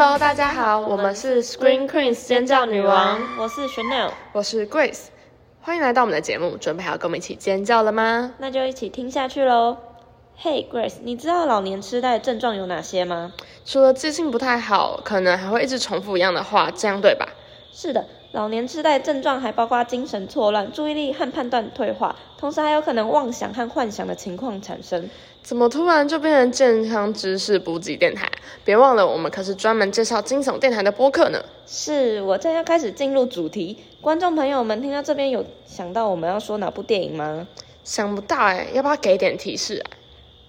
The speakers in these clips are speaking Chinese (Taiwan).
Hello，大家、大家好，我們是 Scream Queens 尖叫女王，我是 Chanel，我是 Grace，歡迎來到我們的節目，準備好跟我們一起尖叫了嗎？那就一起聽下去嘍。Hey Grace，你知道老年痴呆的症狀有哪些嗎？除了記性不太好，可能還會一直重複一樣的話，這樣對吧？是的。老年痴呆症狀還包括精神錯亂、注意力和判斷退化，同時還有可能妄想和幻想的情況產生。怎麼突然就變成健康知識補給電台？別忘了，我們可是專門介紹驚悚電台的播客呢。是，我正要開始進入主題。觀眾朋友們，聽到這邊有想到我們要說哪部電影嗎？想不到哎、欸，要不要給點提示啊？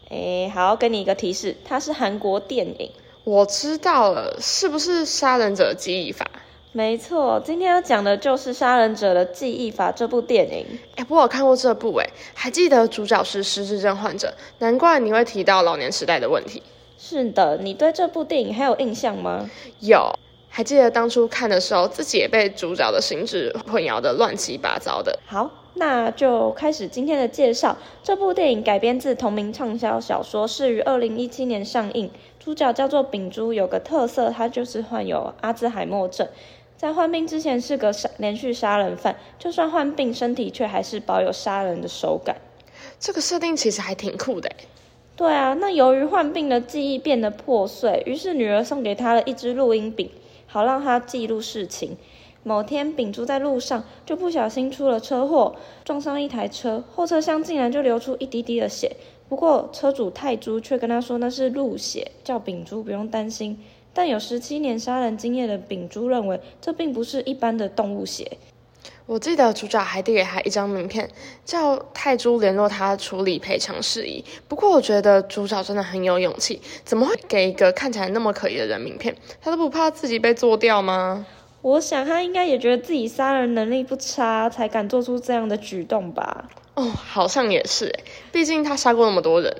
哎、欸，好，給你一個提示，它是韓國電影。我知道了，是不是《殺人者的記憶法》？沒錯，今天要講的就是《殺人者的記憶法》這部電影。欸，不過我看過這部哎、欸，還記得主角是失智症患者，難怪你會提到老年痴獃的問題。是的，你對這部電影還有印象嗎？有，還記得當初看的時候，自己也被主角的行止混淆得亂七八糟的。好，那就開始今天的介紹。這部電影改編自同名暢銷小說，是於二零一七年上映。主角叫做秉珠，有個特色，他就是患有阿茲海默症。在患病之前是個連續殺人犯，就算患病，身體卻還是保有殺人的手感。這個設定其實還挺酷的耶，對啊，那由於患病的記憶變得破碎，於是女兒送給他了一支錄音筆，好讓他記錄事情。某天，秉洙在路上就不小心出了車禍，撞上一台車，後車廂竟然就流出一滴滴的血。不過車主泰洙卻跟他說那是鹿血，叫秉洙不用擔心。但有十七年殺人經驗的丙珠認為，這並不是一般的動物血。我記得主角還遞給他一張名片，叫泰珠聯絡他處理賠償事宜。不過，我覺得主角真的很有勇氣，怎麼會給一個看起來那麼可疑的人名片？他都不怕自己被做掉嗎？我想他應該也覺得自己殺人能力不差，才敢做出這樣的舉動吧。哦，好像也是欸，畢竟他殺過那麼多人。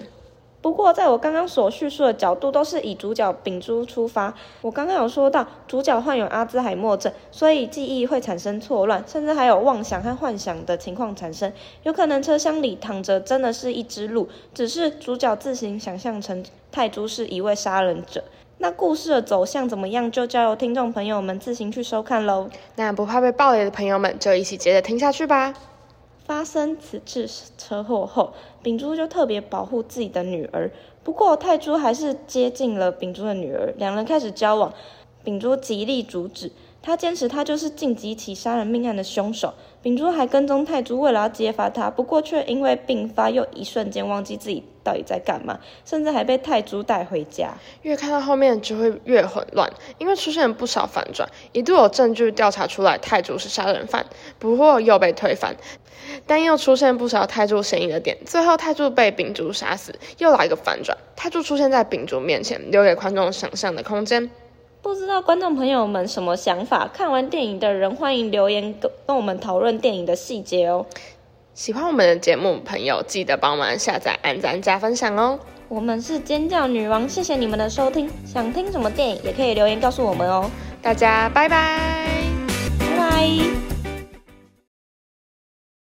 不過，在我剛剛所敘述的角度都是以主角秉珠出發。我剛剛有說到，主角患有阿茲海默症，所以記憶會產生錯亂，甚至還有妄想和幻想的情況產生。有可能車廂裡躺着真的是一隻鹿，只是主角自行想象成泰珠是一位殺人者。那故事的走向怎麼樣，就交由聽眾朋友們自行去收看嘍。那不怕被暴雷的朋友們，就一起接着聽下去吧。發生此次車禍後，秉珠，就特別保護自己的女兒。不過泰珠還是接近了秉珠的女兒，兩人開始交往。秉珠極力阻止。他堅持他就是晉級起殺人命案的兇手，秉珠還跟蹤泰珠，為了要揭發他，不過卻因為病發又一瞬間忘記自己到底在幹嘛，甚至還被泰珠帶回家。越看到後面就會越混亂，因為出現了不少反轉，一度有證據調查出來泰珠是殺人犯，不過又被推翻，但又出現不少泰珠嫌疑的點，最後泰珠被秉珠殺死，又來一個反轉，泰珠出現在秉珠面前，留給觀眾想象的空間。不知道觀眾朋友們什麼想法？看完電影的人，歡迎留言跟跟我們討論電影的細節哦。喜歡我們的節目朋友，記得幫忙下載、按讚、加分享哦。我們是尖叫女王，謝謝你們的收聽。想聽什麼電影也可以留言告訴我們哦。大家拜拜，拜拜。